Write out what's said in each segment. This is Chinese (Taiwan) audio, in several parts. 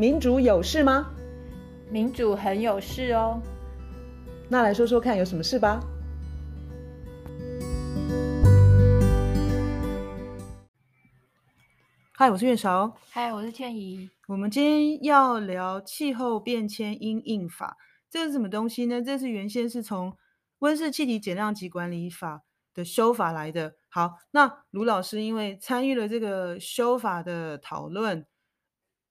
民主有事嗎？民主很有事哦。那來說說看有什麼事吧。嗨，我是月韶。嗨，我是倩怡。我們今天要聊氣候變遷因應法，這是什麼東西呢？這是原先是從溫室氣體減量及管理法的修法來的。好，那盧老師因為參與了這個修法的討論。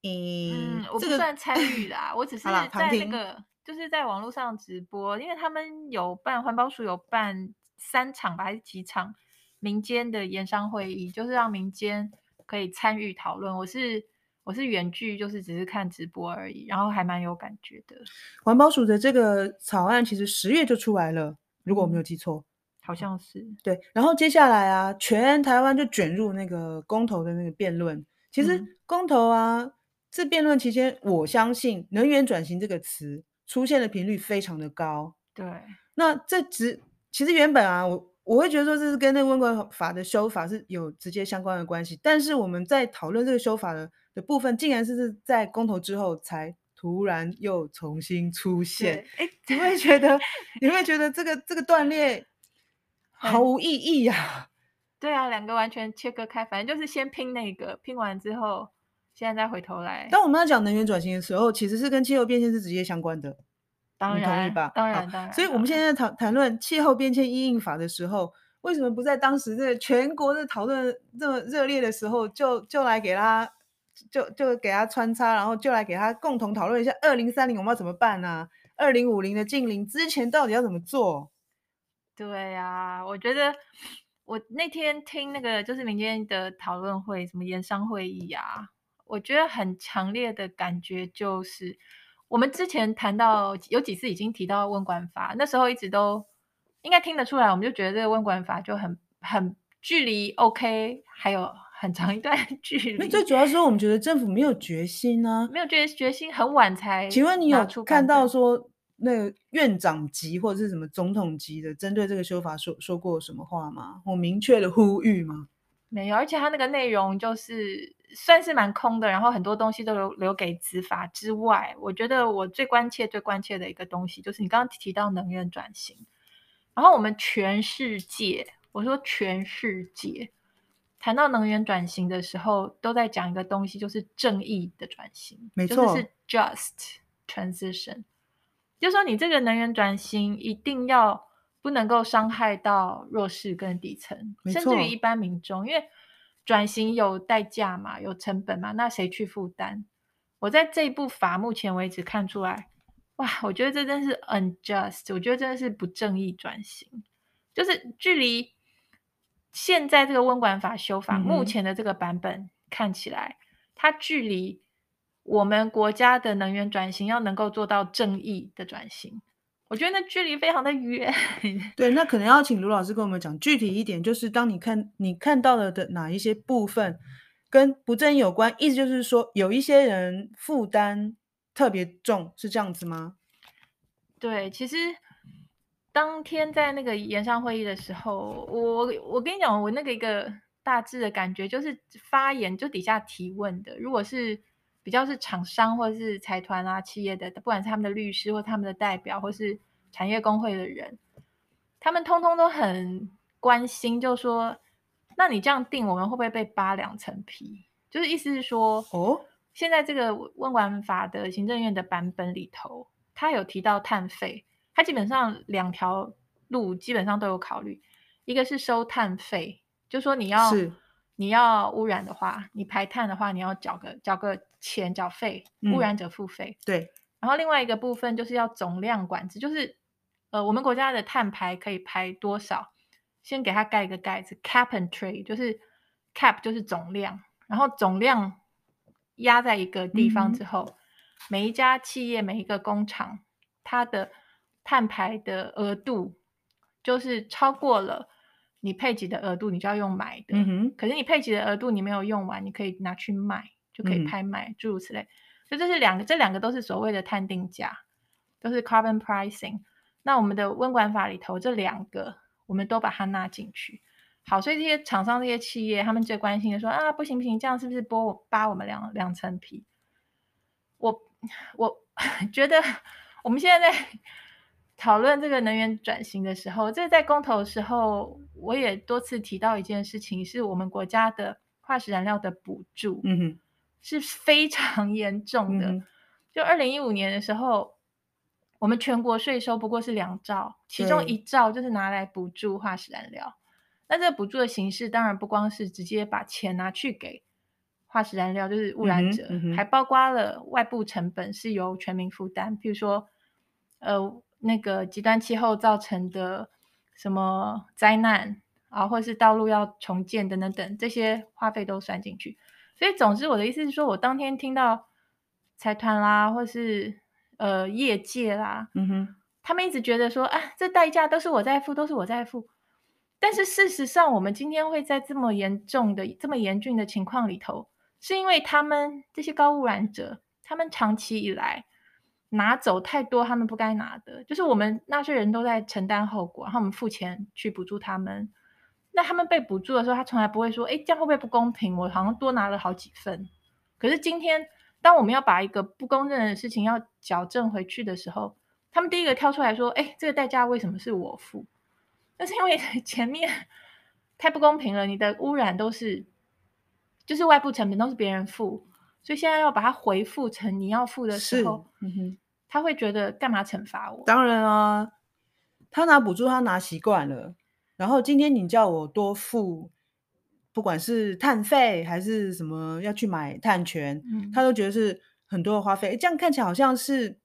嗯、這個，我不算參與啦， 我只是在那個，那個、就是在網絡上直播，因為他們有辦環保署有辦三場吧，還是幾場民間的研商會議，就是讓民間可以參與討論。我是我是遠距，就是只是看直播而已，然後還蠻有感覺的。環保署的這個草案其實十月就出來了，如果我沒有記錯、嗯，好像是對。然後接下來啊，全台灣就捲入那個公投的那個辯論，其實公投啊。嗯這辯論期間，我相信“能源轉型”這個詞出現的頻率非常的高。對，那這只其實原本啊，我我會覺得說這是跟那個溫管法的修法是有直接相關的關係。但是我們在討論這個修法的的部分，竟然是是在公投之後才突然又重新出現。哎，你會覺得， 你會覺得這個 這個斷裂毫無意義啊？嗯、對啊，兩個完全切割開，反正就是先拼那個，拼完之後。現在再回頭來，當我們要講能源轉型的時候，其實是跟氣候變遷是直接相關的，當然，你同意吧？當然，當然。所以我們現在談談論氣候變遷因應法的時候，為什麼不在當時這全國的討論這麼熱烈的時候，就就來給他，就就給他穿插，然後就來給他共同討論一下二零三零我們要怎麼辦呢？啊？二零五零的淨零之前到底要怎麼做？對呀，啊，我覺得我那天聽那個就是明天的討論會，什麼研商會議啊？我覺得很強烈的感覺就是，我們之前談到有幾次已經提到《溫管法》，那時候一直都應該聽得出來，我們就覺得這個《溫管法》就很很距離 OK 還有很長一段距離。最主要是說我們覺得政府沒有決心啊，沒有決心，決心很晚才。請問你有看到說那個院長級或者是什麼總統級的針對這個修法說說過什麼話嗎？我明確的呼籲嗎？沒有，而且他那個內容就是。算是蠻空的，然後很多東西都留留給執法之外。我覺得我最關切、最關切的一個東西，就是你剛剛提到能源轉型。然後我們全世界，我說全世界談到能源轉型的時候，都在講一個東西，就是正義的轉型，沒錯，就是 just transition。就是說你這個能源轉型一定要不能夠傷害到弱勢跟底層，甚至於一般民眾，因為。轉型有代價嘛？有成本嘛？那誰去負擔？我在這一部法目前為止看出來，哇，我覺得這真是 unjust，我覺得真的是不正義轉型。就是距離現在這個溫管法修法、嗯、目前的這個版本看起來，它距離我們國家的能源轉型要能夠做到正義的轉型。我覺得那距離非常的遠。對，那可能要請盧老師跟我們講具體一點，就是當你看你看到了的哪一些部分跟不正有關，意思就是說有一些人負擔特別重，是這樣子嗎？對，其實當天在那個研商會議的時候，我我跟你講，我那個一個大致的感覺就是發言就底下提問的，如果是。比較是廠商或者是財團啊企業的，不管是他們的律師或是他們的代表，或是產業工會的人，他們通通都很關心，就說：那你這樣定，我們會不會被扒兩層皮？就是意思是說，哦，現在這個《溫管法》的行政院的版本裡頭，它有提到碳費，它基本上兩條路基本上都有考慮，一個是收碳費，就說你要。你要污染的話，你排碳的話，你要繳個繳個錢，繳費、嗯，污染者付費。對。然後另外一個部分就是要總量管制，就是呃，我們國家的碳排可以排多少，先給它蓋一個蓋子，cap and trade，就是 cap 就是總量，然後總量壓在一個地方之後、嗯，每一家企業、每一個工廠，它的碳排的額度就是超過了。你配給的額度，你就要用買的，嗯、可是你配給的額度你沒有用完，你可以拿去賣，就可以拍賣，諸、嗯、如此類。所以這是兩個，這兩個都是所謂的碳定價，都是 carbon pricing。那我們的溫管法裡頭這兩個，我們都把它納進去。好，所以這些廠商這些企業，他們最關心的說啊，不行不行，這樣是不是剝扒我，我們兩兩層皮？我我 覺得我們現在，在。 討論這個能源轉型的時候，這是、個、在公投的時候，我也多次提到一件事情，是我們國家的化石燃料的補助，嗯、是非常嚴重的。嗯、就二零一五年的時候，我們全國稅收不過是兩兆，其中一兆就是拿來補助化石燃料。那這個補助的形式當然不光是直接把錢拿去給化石燃料，就是污染者，嗯嗯、還包括了外部成本是由全民負擔，譬如說，呃。那個極端氣候造成的什麼災難啊，或是道路要重建等等等，這些花費都算進去。所以，總之我的意思是說，我當天聽到財團啦，或是呃業界啦，嗯哼，他們一直覺得說啊，這代價都是我在付，都是我在付。但是事實上，我們今天會在這麼嚴重的、這麼嚴峻的情況裡頭，是因為他們這些高污染者，他們長期以來，拿走太多，他們不該拿的，就是我們納稅人都在承擔後果，然後我們付錢去補助他們。那他們被補助的時候，他從來不會說：“哎，這樣會不會不公平？我好像多拿了好幾份。”可是今天，當我們要把一個不公正的事情要矯正回去的時候，他們第一個跳出來說：“哎，這個代價為什麼是我付？那是因為前面太不公平了，你的污染都是，就是外部成本都是別人付。”所以現在要把它回復成你要付的時候，嗯哼，他會覺得幹嘛懲罰我？當然啊，他拿補助他拿習慣了，然後今天你叫我多付，不管是碳費還是什麼要去買碳權，嗯、他都覺得是很多的花費。欸，這樣看起來好像是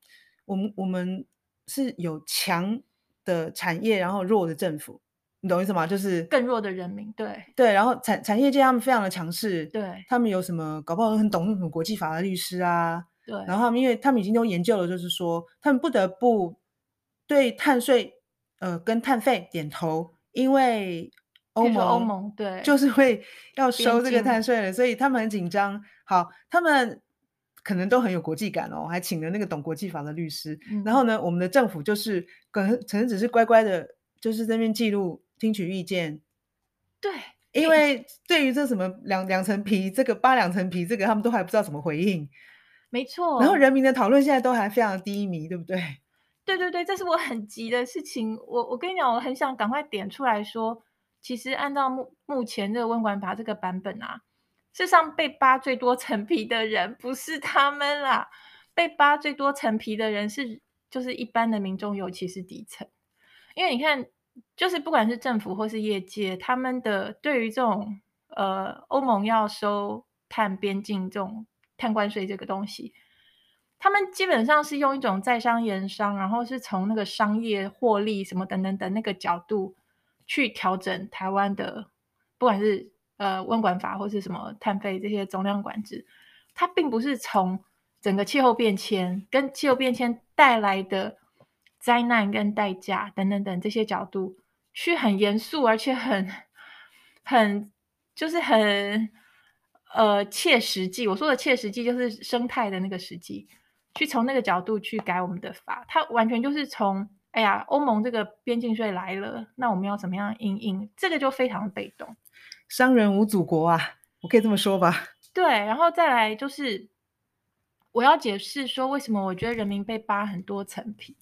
我們我們是有強的產業，然後弱的政府。你懂意思嗎？就是更弱的人民，對對，然後產產業界他們非常的強勢，對，他們有什麼？搞不好很懂那種國際法的律師啊，對。然後他們因為他們已經都研究了，就是說他們不得不對碳稅呃、跟碳費點頭，因為歐盟歐盟對就是會要收這個碳稅了，所以他們很緊張。好，他們可能都很有國際感哦，還請了那個懂國際法的律師。嗯、然後呢，我們的政府就是可能只是乖乖的，就是這邊記錄。聽取意見，對，因為對於這什麼兩兩層皮，這個扒兩層皮，這個他們都還不知道怎麼回應，沒錯。然後人民的討論現在都還非常低迷，對不對？對對對，這是我很急的事情。我我跟你講，我很想趕快點出來說，其實按照目目前的溫管法這個版本啊，世上被扒最多層皮的人不是他們啦，被扒最多層皮的人是就是一般的民眾，尤其是底層，因為你看。就是不管是政府或是業界，他們的對於這種呃歐盟要收碳邊境這種碳關稅這個東西，他們基本上是用一種在商言商，然後是從那個商業獲利什麼等等等那個角度去調整臺灣的，不管是呃溫管法或是什麼碳費這些總量管制，它並不是從整個氣候變遷跟氣候變遷帶來的。災難跟代價等等等，等這些角度去很嚴肅，而且很很就是很呃切實際。我說的切實際，就是生態的那個實際。去從那個角度去改我們的法，它完全就是從哎呀，歐盟這個邊境稅來了，那我們要怎麼樣因應？這個就非常被動。商人無祖國啊，我可以這麼說吧。對，然後再來就是我要解釋說，為什麼我覺得人民被扒很多層皮。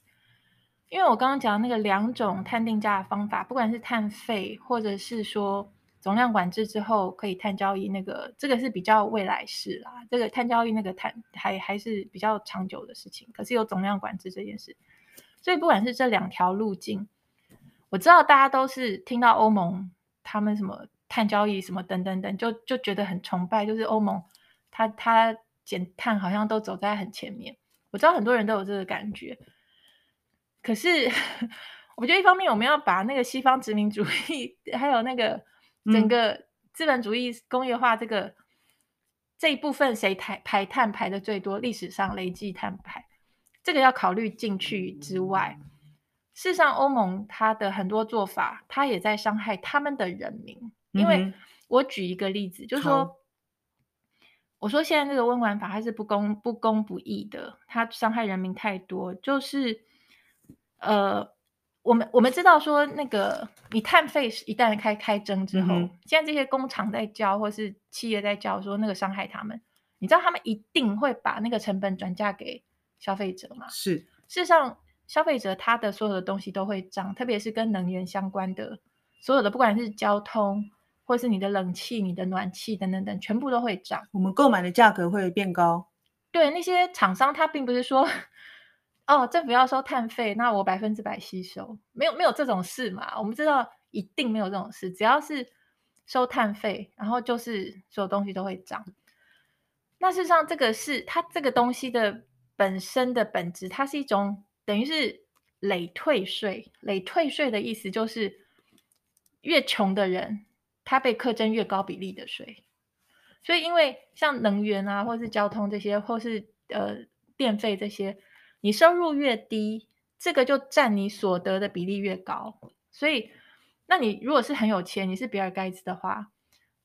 因為我剛剛講的那個兩種碳定價的方法，不管是碳費或者是說總量管制之後可以碳交易，那個這個是比較未來式啦。這個碳交易那個碳還還是比較長久的事情，可是有總量管制這件事，所以不管是這兩條路徑，我知道大家都是聽到歐盟他們什麼碳交易什麼等等等，就就覺得很崇拜，就是歐盟他他減碳好像都走在很前面。我知道很多人都有這個感覺。可是，我覺得一方面我們要把那個西方殖民主義，還有那個整個資本主義工業化這個、嗯、這一部分誰排排碳排的最多，歷史上累計碳排，這個要考慮進去之外，事實上歐盟它的很多做法，它也在傷害他們的人民，因為我舉一個例子，嗯、就是說，我說現在這個溫管法它是不公不公不義的，它傷害人民太多，就是。呃，我們我們知道說，那個你碳費是一旦開開徵之後、嗯，現在這些工廠在交，或是企業在交，說那個傷害他們，你知道他們一定會把那個成本轉嫁給消費者嗎？是，事實上，消費者他的所有的東西都會漲，特別是跟能源相關的，所有的不管是交通，或是你的冷氣、你的暖氣等等等等，全部都會漲，我們購買的價格會變高。對那些廠商，他並不是說。哦，政府要收碳費，那我百分之百吸收，沒有沒有這種事嘛？我們知道一定沒有這種事。只要是收碳費，然後就是所有東西都會漲。那事實上，這個是它這個東西的本身的本質，它是一種等於是累退稅。累退稅的意思就是，越窮的人他被課徵越高比例的稅。所以，因為像能源啊，或是交通這些，或是呃電費這些。你收入越低，這個就占你所得的比例越高。所以，那你如果是很有錢，你是比爾蓋茨的話，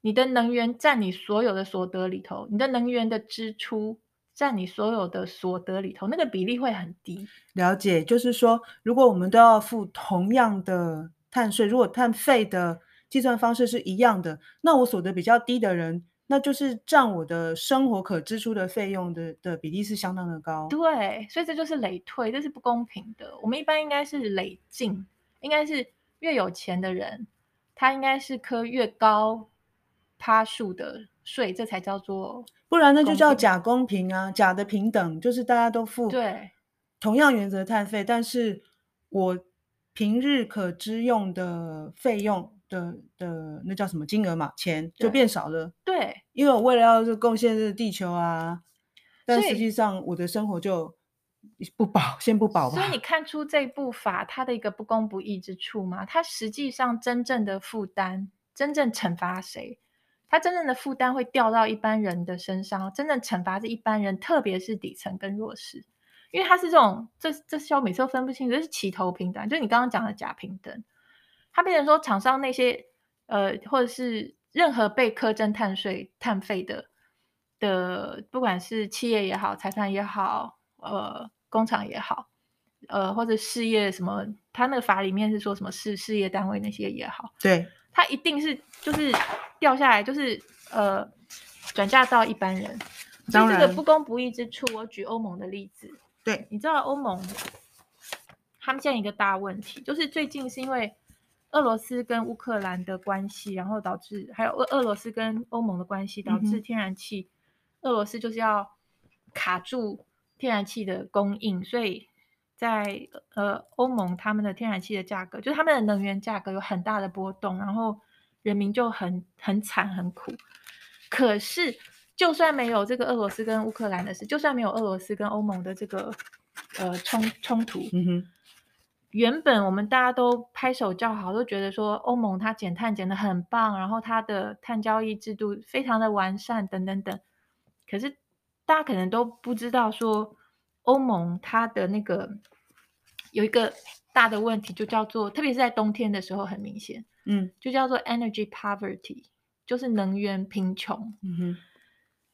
你的能源占你所有的所得裡頭，你的能源的支出占你所有的所得裡頭，那個比例會很低。了解，就是說，如果我們都要付同樣的碳稅，如果碳費的計算方式是一樣的，那我所得比較低的人。那就是佔我的生活可支出的費用的的比例是相當的高，對，所以這就是累退，這是不公平的。我們一般應該是累進，應該是越有錢的人，他應該是課越高趴數的稅，所以這才叫做，不然那就叫假公平啊，假的平等，就是大家都付對同樣原則碳費，但是我平日可支用的費用。的的那叫什麼金額嘛？錢就變少了。對，因為我為了要是貢獻這個地球啊，但實際上我的生活就不保，先不保嘛。所以你看出這部法它的一個不公不義之處嗎？它實際上真正的負擔，真正懲罰誰？它真正的負擔會掉到一般人的身上，真正懲罰這一般人，特別是底層跟弱勢，因為它是這種這這消費者分不清，這是齊頭平等，就是你剛剛講的假平等。他變成說，廠商那些，呃，或者是任何被課徵碳稅碳費的的，不管是企業也好，財產也好，呃，工廠也好，呃，或者事業什麼，他那個法裡面是說什麼事事業單位那些也好，對，他一定是就是掉下來，就是呃，轉嫁到一般人。當然，這個不公不義之處，我舉歐盟的例子。對，你知道歐盟，他們現在一個大問題就是最近是因為。俄羅斯跟烏克蘭的關係，然後導致還有俄俄羅斯跟歐盟的關係，導致天然氣、嗯，俄羅斯就是要卡住天然氣的供應，所以在呃歐盟他們的天然氣的價格，就是他們的能源價格有很大的波動，然後人民就很很慘很苦。可是就算沒有這個俄羅斯跟烏克蘭的事，就算沒有俄羅斯跟歐盟的這個呃衝衝突。嗯哼原本我們大家都拍手叫好，都覺得說歐盟它減碳減得很棒，然後它的碳交易制度非常的完善，等等等。可是大家可能都不知道說歐盟它的那個有一個大的問題，就叫做特別是在冬天的時候很明顯，嗯，就叫做 energy poverty，就是能源貧窮。嗯哼，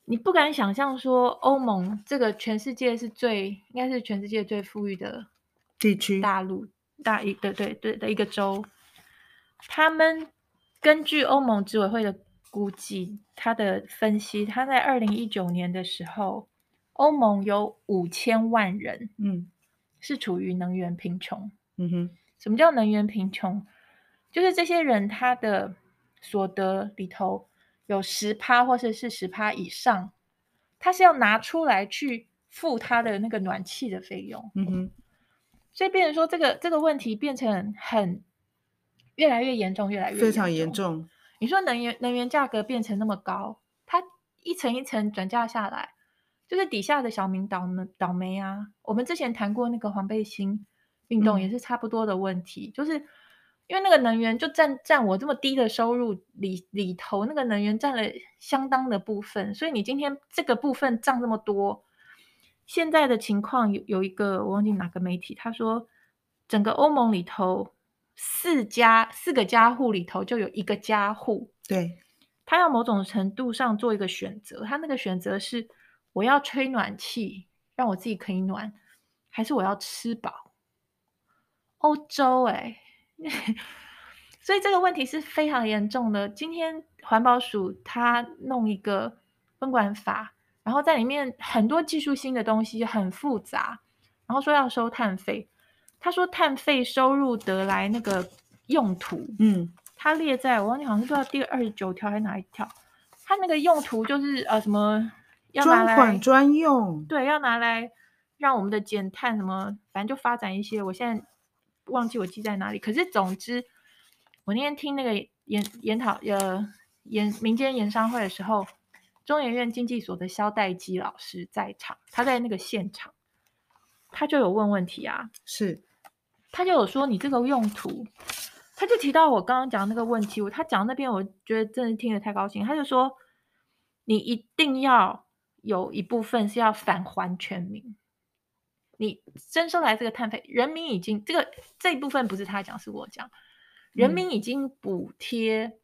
你不敢想象說歐盟這個全世界是最應該是全世界最富裕的。地區大陸大一，對，對對對的一個州，他們根據歐盟執委會的估計，他的分析，他在二零一九年的時候，歐盟有五千萬人，嗯，是處於能源貧窮，嗯哼，什麼叫能源貧窮？嗯，就是這些人他的所得裡頭有十趴，或者是十趴以上，他是要拿出來去付他的那個暖氣的費用，嗯哼。所以變成說，這個這個問題變成很越來越嚴重，越來越非常嚴重。你說能源能源價格變成那麼高，它一層一層轉嫁下來，就是底下的小民倒霉倒霉啊。我們之前談過那個黃背心運動也是差不多的問題，嗯、就是因為那個能源就佔佔我這麼低的收入裡裡頭，那個能源佔了相當的部分，所以你今天這個部分佔那麼多。現在的情況有有一個，我忘記哪個媒體，他說整個歐盟裡頭四家四個家戶裡頭就有一個家戶，對，他要某種程度上做一個選擇，他那個選擇是我要吹暖氣讓我自己可以暖，還是我要吃飽？歐洲誒、欸、 所以這個問題是非常嚴重的。今天環保署他弄一個溫管法。然後在裡面很多技術新的東西很複雜，然後說要收碳費，他說碳費收入得來那個用途，嗯，他列在我忘記好像不知道第二十九條還哪一條，他那個用途就是呃什麼要拿來專款專用，對，要拿來讓我們的減碳什麼，反正就發展一些，我現在忘記我記在哪裡，可是總之我那天聽那個研研討呃研民間研商會的時候。中研院經濟所的蕭代基老師在場，他在那個現場，他就有問問題啊，是，他就有說你這個用途，他就提到我剛剛講那個問題，我，他講那邊，我覺得真的聽得太高興，他就說你一定要有一部分是要返還全民，你徵收來這個碳費，人民已經這個這一部分不是他講，是我講，人民已經補貼。嗯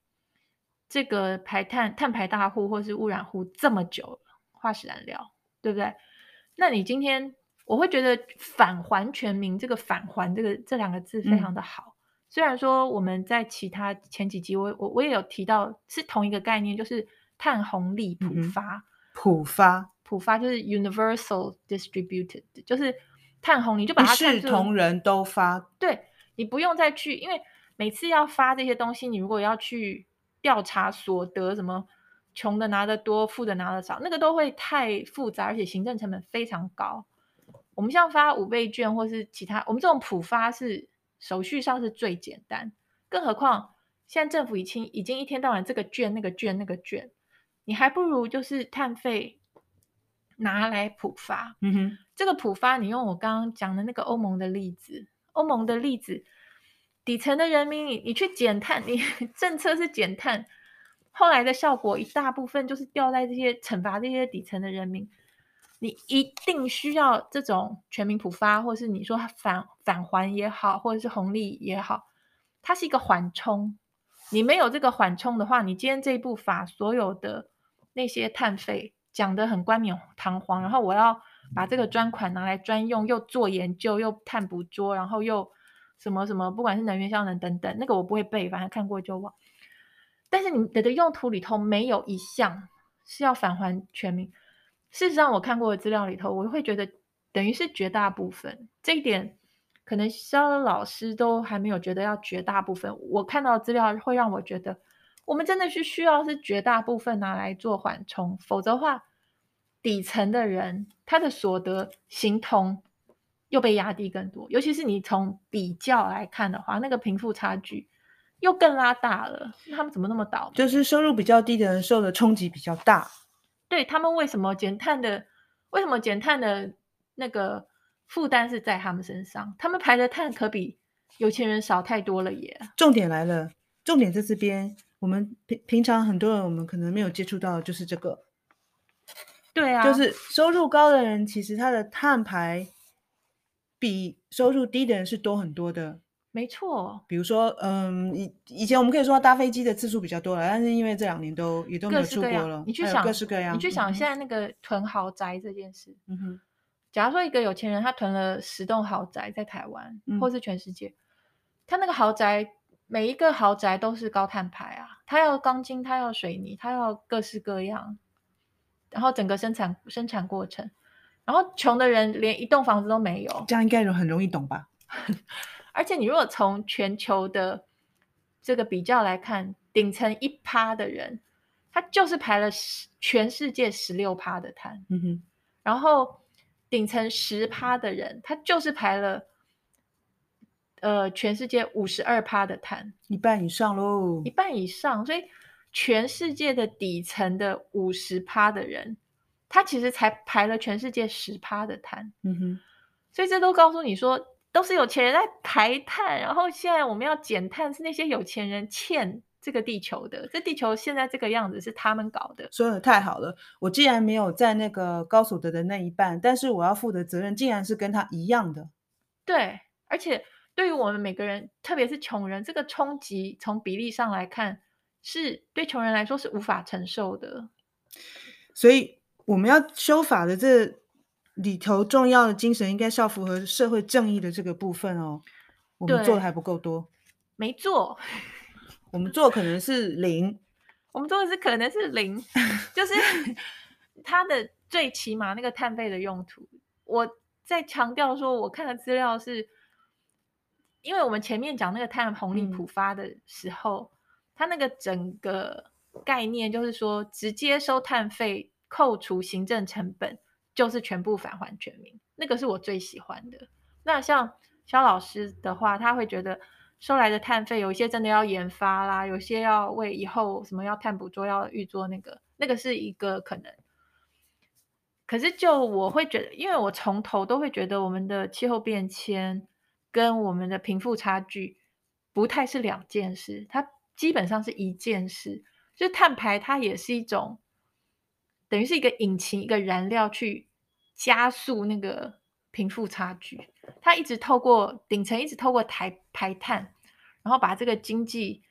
這個排碳碳排大戶或是污染戶這麼久了，化石燃料，對不對？那你今天我會覺得返還全民這個返還這個這兩個字非常的好、嗯。雖然說我們在其他前幾集，我我我也有提到是同一個概念，就是碳紅利普發、嗯、普發普發就是 universal distributed，就是碳紅你就把它、啊、是同人都發，對你不用再去，因為每次要發這些東西，你如果要去。調查所得什麼，窮的拿得多，富的拿得少，那個都會太複雜，而且行政成本非常高。我們像發五倍券或是其他，我們這種普發是手續上是最簡單。更何況現在政府已經已經一天到晚這個券那個券那個券，你還不如就是碳費拿來普發。嗯哼，這個普發你用我剛剛講的那個歐盟的例子，歐盟的例子。底層的人民，你你去減碳，你政策是減碳，後來的效果一大部分就是掉在這些懲罰這些底層的人民。你一定需要這種全民普發，或是你說返返還也好，或者是紅利也好，它是一個緩衝。你沒有這個緩衝的話，你今天這部法所有的那些碳費講得很冠冕堂皇，然後我要把這個專款拿來專用，又做研究，又碳捕捉，然後又。什麼什麼，不管是能源效能等等，那個我不會背，反正看過就忘。但是你的用途裡頭沒有一項是要返還全民。事實上，我看過的資料裡頭，我會覺得等於是絕大部分。這一點可能蕭老師都還沒有覺得要絕大部分。我看到的資料會讓我覺得，我們真的是需要是絕大部分拿來做緩衝，否則的話底層的人他的所得形同。又被壓低更多，尤其是你從比較來看的話，那個貧富差距又更拉大了。他們怎麼那麼倒楣？就是收入比較低的人受的衝擊比較大。對他們為什麼減碳的？為什麼減碳的那個負擔是在他們身上？他們排的碳可比有錢人少太多了，也。重點來了，重點在這邊。我們平平常很多人，我們可能沒有接觸到的就是這個。對啊，就是收入高的人，其實他的碳排。比收入低的人是多很多的，沒錯。比如說，嗯，以以前我們可以說搭飛機的次數比較多了，但是因為這兩年都也都沒出國了各各。你去想，各式各樣你去想，嗯，現在那個囤豪宅這件事。嗯哼，假如說一個有錢人他囤了十棟豪宅在台灣，嗯，或是全世界，他那個豪宅每一個豪宅都是高碳排啊，他要鋼筋，他要水泥，他要各式各樣，然後整個生產生產過程。然後，窮的人連一棟房子都沒有，這樣應該很很容易懂吧？ 而且，你如果從全球的這個比較來看，頂層一趴的人，他就是排了十全世界十六趴的碳，嗯哼，然後，頂層十趴的人，他就是排了呃全世界五十二趴的碳，一半以上咯，一半以上。所以，全世界的底層的五十趴的人。他其實才排了全世界十趴的碳，嗯哼，所以這都告訴你說，都是有錢人在排碳，然後現在我們要減碳，是那些有錢人欠這個地球的。這地球現在這個樣子是他們搞的，說得太好了。我既然沒有在那個高所得的那一半，但是我要負的責任竟然是跟他一樣的。對，而且對於我們每個人，特別是窮人，這個衝擊從比例上來看，是對窮人來說是無法承受的。所以。我們要修法的這裡頭重要的精神，應該是要符合社會正義的這個部分哦。我們做的還不夠多，沒做。我們做可能是零， 我們做的是可能是零，就是它的最起碼那個碳費的用途。我在強調說，我看的資料是，因為我們前面講那個碳紅利普發的時候，嗯、它那個整個概念就是說直接收碳費。扣除行政成本，就是全部返還全民，那個是我最喜歡的。那像肖老師的話，他會覺得收來的碳費有一些真的要研發啦，有些要為以後什麼要碳捕捉要預做那個，那個是一個可能。可是就我會覺得，因為我從頭都會覺得我們的氣候變遷跟我們的貧富差距不太是兩件事，它基本上是一件事，就是碳排它也是一種。等於是一個引擎，一個燃料去加速那個貧富差距。它一直透過頂層，一直透過排排碳，然後把這個經濟，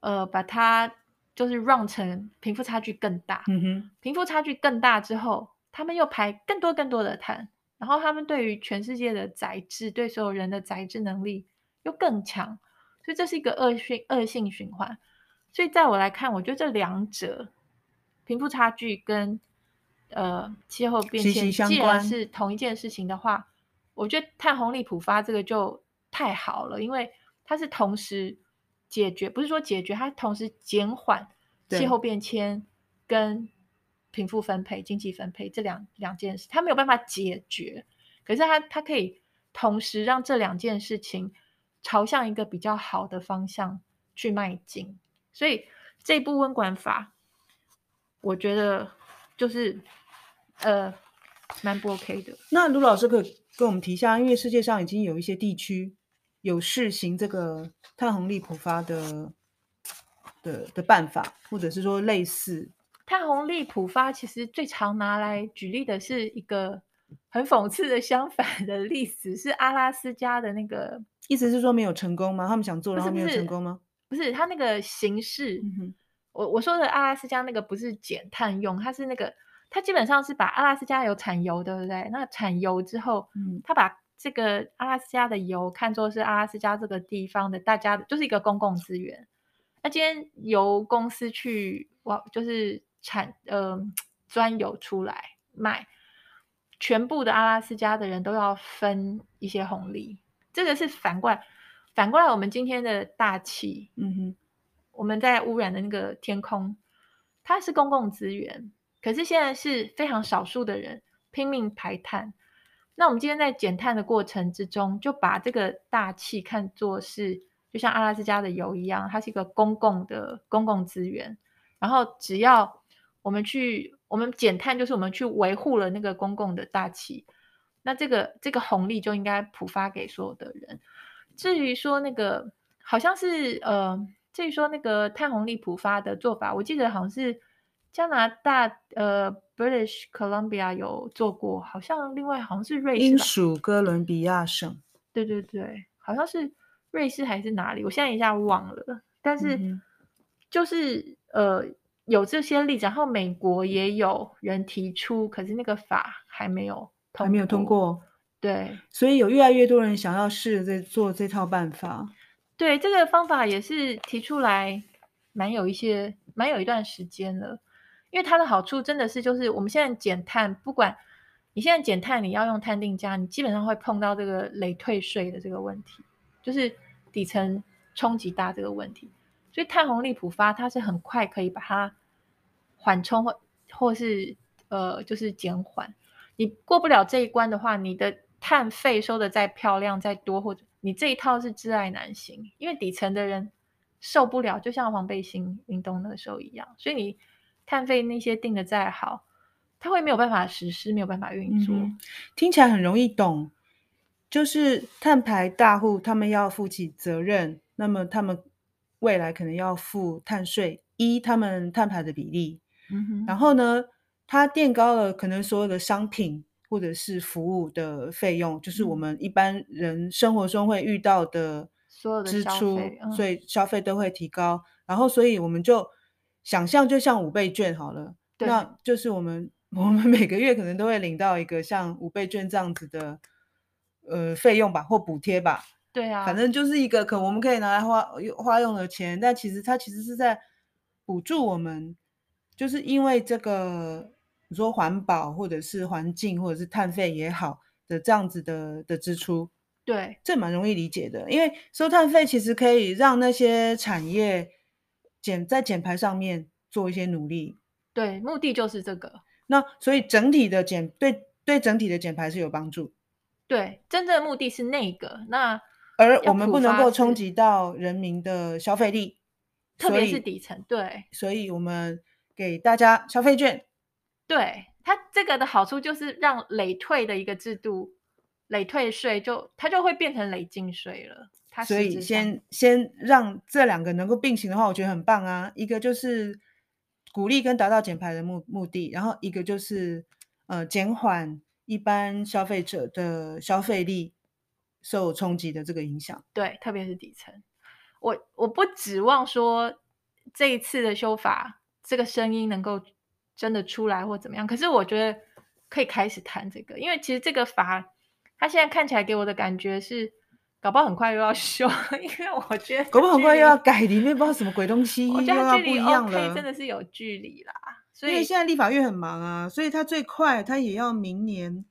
呃，把它就是 run 成貧富差距更大。嗯哼，貧富差距更大之後，他們又排更多更多的碳，然後他們對於全世界的宰制，對所有人的宰制能力又更強。所以這是一個惡性惡性循環。所以在我來看，我覺得這兩者。貧富差距跟呃氣候變遷息息相關，既然是同一件事情的話，我覺得碳紅利普發這個就太好了，因為它是同時解決，不是說解決，它同時減緩氣候變遷跟貧富分配、經濟分配這兩兩件事，它沒有辦法解決，可是它它可以同時讓這兩件事情朝向一個比較好的方向去邁進，所以這部溫管法。我覺得就是呃蠻不 OK 的。那盧老師可以跟我們提一下，因為世界上已經有一些地區有試行這個碳紅利普發的的的辦法，或者是說類似碳紅利普發。其實最常拿來舉例的是一個很諷刺的相反的例子，是阿拉斯加的那個。意思是說沒有成功嗎？他們想做，然後沒有成功嗎？不是，不是，不是，他那個形式。嗯我我說的阿拉斯加那個不是減碳用，它是那個，它基本上是把阿拉斯加有產油的，對不對？那產油之後，嗯，它把這個阿拉斯加的油看作是阿拉斯加這個地方的大家的，就是一個公共資源。那今天油公司去挖，就是產呃鑽油出來賣，全部的阿拉斯加的人都要分一些紅利。這個是反過來，反過來我們今天的大氣，嗯哼。我們在污染的那個天空，它是公共資源，可是現在是非常少數的人拼命排碳。那我們今天在減碳的過程之中，就把這個大氣看作是就像阿拉斯加的油一樣，它是一個公共的公共資源。然後只要我們去，我們減碳，就是我們去維護了那個公共的大氣，那這個這個紅利就應該普發給所有的人。至於說那個好像是呃。至於說那個碳紅利普發的做法，我記得好像是加拿大呃 British Columbia 有做過，好像另外好像是瑞士，英屬哥倫比亞省，對對對，好像是瑞士還是哪裡，我現在一下忘了。但是就是、嗯、呃有這些例子，然後美國也有人提出，可是那個法還沒有通過，還沒有通過，對，所以有越來越多人想要試着做這套辦法。對，這個方法也是提出來，蠻有一些，蠻有一段時間了。因為它的好處真的是就是我們現在減碳，不管你現在減碳，你要用碳定價，你基本上會碰到這個累退稅的這個問題，就是底層衝擊大這個問題。所以碳紅利普發，它是很快可以把它緩衝或或是呃就是減緩。你過不了這一關的話，你的碳費收得再漂亮再多或者。你這一套是窒礙難行，因為底層的人受不了，就像黃背心運動的時候一樣。所以你碳費那些定的再好，他會沒有辦法實施，沒有辦法運作、嗯。聽起來很容易懂，就是碳排大戶他們要負起責任，那麼他們未來可能要付碳稅，依他們碳排的比例、嗯。然後呢，他墊高了可能所有的商品。或者是服務的費用，就是我們一般人生活中會遇到的支出，所有的消費，所以消費都會提高。嗯、然後，所以我們就想象就像五倍券好了，對，那就是我們我們每個月可能都會領到一個像五倍券這樣子的，呃，費用吧或補貼吧。對啊，反正就是一個可我們可以拿來花用花用的錢，但其實它其實是在補助我們，就是因為這個。比如說環保，或者是環境，或者是碳費也好的這樣子的的支出，對，這蠻容易理解的。因為收碳費其實可以讓那些產業減在減排上面做一些努力，對，目的就是這個。那所以整體的減，對對，整體的減排是有幫助。對，真正的目的是那個。那而我們不能夠衝擊到人民的消費力，特別是底層。對所，所以我們給大家消費券。對，它這個的好處就是讓累退的一個制度，累退稅就它就會變成累進稅了。所以先先讓這兩個能夠並行的話，我覺得很棒啊！一個就是鼓勵跟達到減排的目目的，然後一個就是呃減緩一般消費者的消費力受衝擊的這個影響。對，特別是底層，我我不指望說這一次的修法這個聲音能夠。真的出來或怎麼樣？可是我覺得可以開始談這個，因為其實這個法，它現在看起來給我的感覺是，搞不好很快又要修，因為我覺得搞不好很快又要改， 裡面不知道什麼鬼東西距離 OK, 又要不一樣了。真的是有距離啦，所以現在立法院很忙啊，所以他最快他也要明年，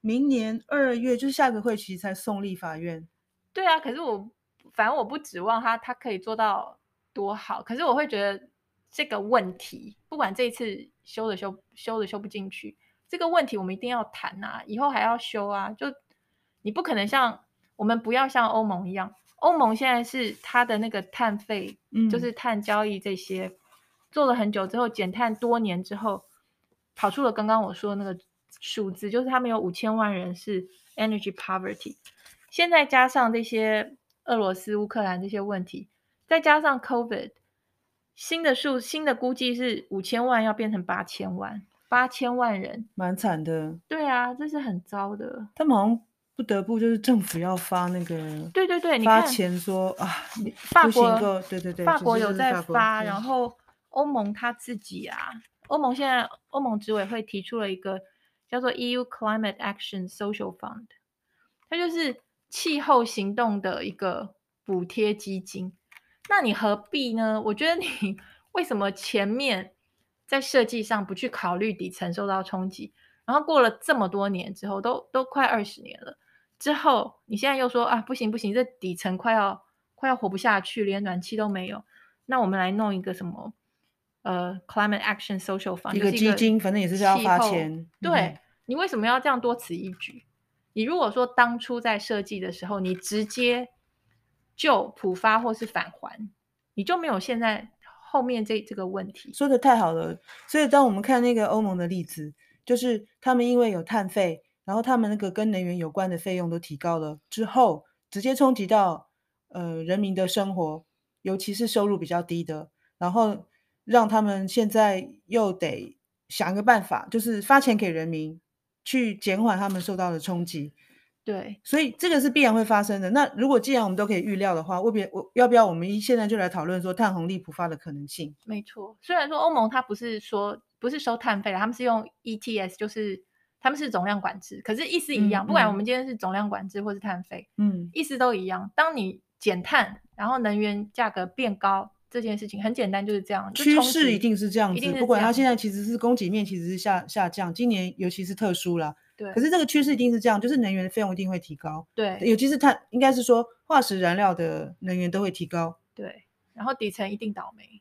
明年二月就是下個會期才送立法院。對啊，可是我反正我不指望他，他可以做到多好。可是我會覺得這個問題，不管這一次。修的修，修的修不進去，這個問題我們一定要談啊！以後還要修啊！就你不可能像我們不要像歐盟一樣，歐盟現在是它的那個碳費，就是碳交易這些、嗯、做了很久之後，減碳多年之後，跑出了剛剛我說的那個數字，就是他們有五千萬人是 energy poverty。現在加上這些俄羅斯、烏克蘭這些問題，再加上 COVID。新的數新的估計是五千萬要變成八千萬，八千萬人，蠻慘的。對啊，這是很糟的。他們好像不得不就是政府要發那個，對對對，發錢說你啊，發不行夠法國，對對對，法國有在發對，然後歐盟他自己啊，歐盟現在歐盟執委會提出了一個叫做 EU Climate Action Social Fund，它就是氣候行動的一個補貼基金。那你何必呢？我覺得你為什麼前面在設計上不去考慮底層受到衝擊，然後過了這麼多年之後，都都快二十年了，之後你現在又說啊，不行不行，這底層快要快要活不下去，連暖氣都沒有，那我們來弄一個什麼呃 Climate Action Social Fund，一個基金，就是、反正也是要花錢、嗯。對，你為什麼要這樣多此一舉？你如果說當初在設計的時候，你直接。就普發或是返還，你就沒有現在後面這這個問題。說的太好了，所以當我們看那個歐盟的例子，就是他們因為有碳費，然後他們那個跟能源有關的費用都提高了之後，直接衝擊到呃人民的生活，尤其是收入比較低的，然後讓他們現在又得想一個辦法，就是發錢給人民去減緩他們受到的衝擊。對，所以這個是必然會發生的。的那如果既然我們都可以預料的話，我我要不要我們一現在就來討論說碳紅利普發的可能性？沒錯，雖然說歐盟它不是說不是收碳費了，他們是用 ETS，就是他們是總量管制，可是意思一樣。嗯，不管我們今天是總量管制或是碳費，嗯，意思都一樣。當你減碳，然後能源價格變高，這件事情很簡單，就是這樣。趨勢一,一定是這樣子，不管它現在其實是供給面其實是下下降，今年尤其是特殊啦。對，可是這個趨勢一定是這樣，就是能源的費用一定會提高。對，尤其是碳，應該是說化石燃料的能源都會提高。對，然後底層一定倒霉。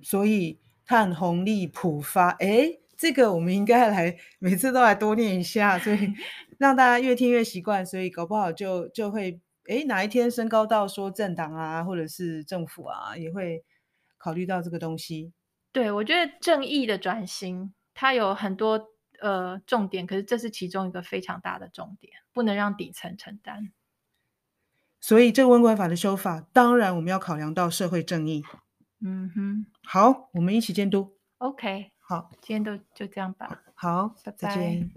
所以碳紅利普發，哎，這個我們應該來，每次都來多念一下，所以讓大家越聽越習慣， 所以搞不好就就會，哎，哪一天升高到說政黨啊，或者是政府啊，也會考慮到這個東西。對，我覺得正義的轉型，它有很多。呃，重點，可是這是其中一個非常大的重點，不能讓底層承擔。所以這個溫管法的修法，當然我們要考量到社會正義。嗯哼，好，我們一起監督。OK，好，今天都就這樣吧。好，拜拜。再見。